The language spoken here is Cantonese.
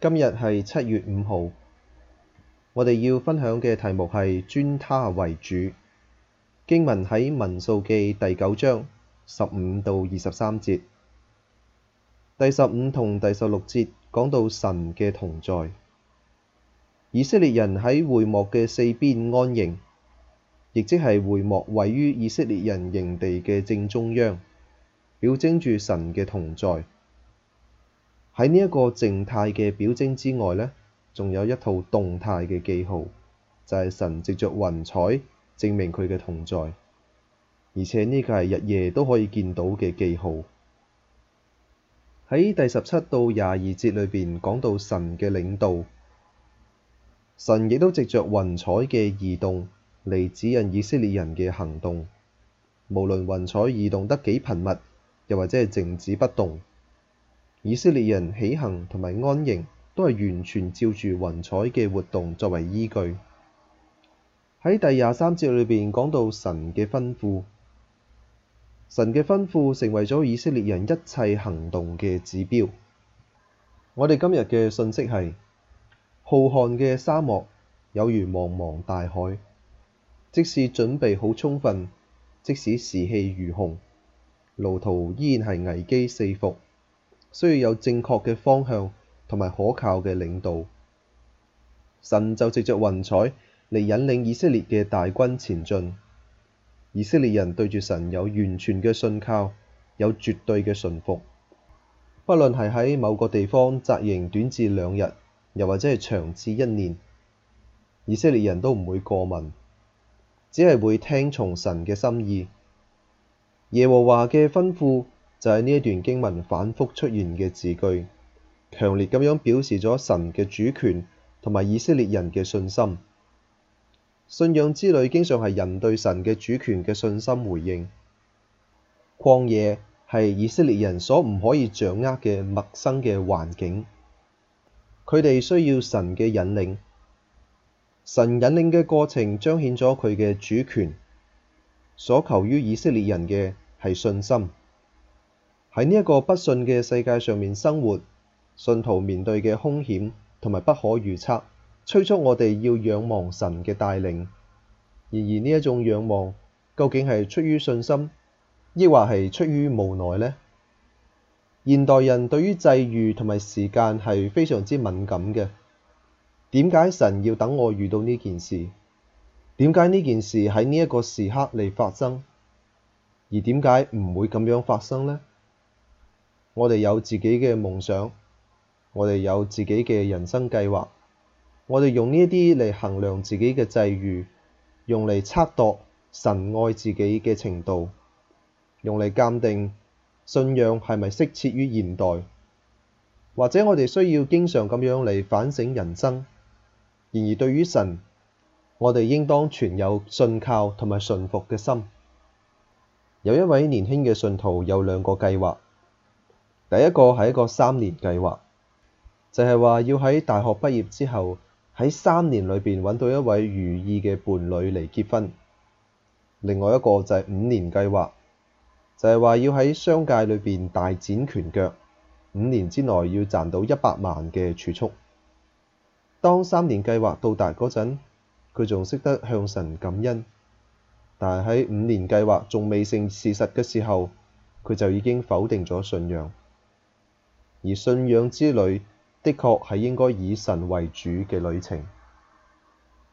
今日係七月五號，我哋要分享嘅題目係尊祂為主。經文喺民數記第九章十五到二十三節，第十五同第十六節講到神嘅同在。以色列人喺會幕嘅四邊安營，亦即係會幕位於以色列人營地嘅正中央，表徵住神嘅同在。喺呢一個靜態嘅表徵之外呢，仲有一套動態嘅記號，就係神藉着雲彩證明佢嘅同在，而且呢個係日夜都可以見到嘅記號。喺第十七到廿二節裏邊講到神嘅領導，神亦都藉着雲彩嘅移動嚟指引以色列人嘅行動，無論雲彩移動得幾頻密，又或者係靜止不動。以色列人起行同埋安營都係完全照住雲彩嘅活動作為依據。喺第廿三節裏邊講到神嘅吩咐，神嘅吩咐成為咗以色列人一切行動嘅指標。我哋今日嘅信息係：浩瀚嘅沙漠有如茫茫大海，即使準備好充分，即使士氣如虹，路途依然係危機四伏。需要有正確嘅方向同埋可靠嘅領導，神就藉着雲彩嚟引領以色列嘅大軍前進。以色列人對住神有完全嘅信靠，有絕對嘅順服，不論係喺某個地方扎營短至兩日，又或者係長至一年，以色列人都唔會過問，只係會聽從神嘅心意，耶和華嘅吩咐。就係呢一段經文反覆出現嘅字句，強烈咁樣表示咗神嘅主權同埋以色列人嘅信心。信仰之旅經常係人對神嘅主權嘅信心回應。曠野係以色列人所唔可以掌握嘅陌生嘅環境，佢哋需要神嘅引領。神引領嘅過程彰顯咗佢嘅主權，所求於以色列人嘅係信心。喺呢一個不信嘅世界上面生活，信徒面對嘅兇險同埋不可預測，催促我哋要仰望神嘅帶領。然而呢一種仰望，究竟係出於信心，抑或係出於無奈呢？現代人對於際遇同埋時間係非常之敏感嘅。點解神要等我遇到呢件事？點解呢件事喺呢一個時刻嚟發生？而點解唔會咁樣發生呢？我哋有自己嘅夢想，我哋有自己嘅人生計劃，我哋用呢啲嚟衡量自己嘅際遇，用嚟測度神愛自己嘅程度，用嚟鑑定信仰係咪適切於現代，或者我哋需要經常咁樣嚟反省人生。然而，對於神，我哋應當存有信靠同埋順服嘅心。有一位年輕嘅信徒有兩個計劃。第一個係一個三年計劃，就係話要喺大學畢業之後喺三年裏邊揾到一位如意嘅伴侶嚟結婚。另外一個就係五年計劃，就係話要喺商界裏邊大展拳腳，五年之內要賺到一百萬嘅儲蓄。當三年計劃到達嗰陣，佢仲識得向神感恩，但係喺五年計劃仲未成事實嘅時候，佢就已經否定咗信仰。而信仰之旅，的確，係應該以神為主嘅旅程。